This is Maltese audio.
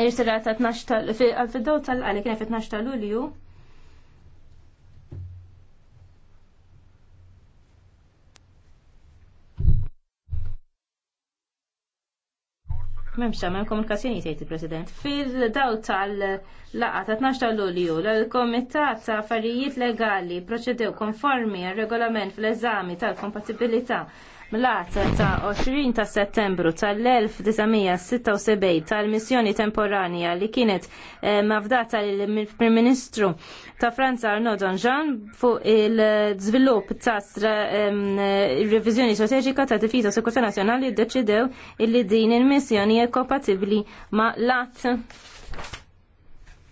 Ir-sera ta' 12 tal fid-daw tal-qali kien fit 12 ta' Lulju. Memx hemm komunikazzjoni jgħid il-President. Fil-daw tal-laqa ta' 12 ta' Lulju, l-Komitat ta' Affarijiet Legali proċedew konformi għal regolament fl-eżami tal-kompatibilità Mlata ta' 20 ta' settembru tal-1976 tal-missjoni temporanja li kienet eh, mafdata lill-Prim Ministru ta' Franza Arnaud Danjean fuq il-żvilupp ta' eh, revizjoni strateġika ta' difiża sekurta nazzjonali ddeċidew li din il-missjoni hija kompatibbli ma' lat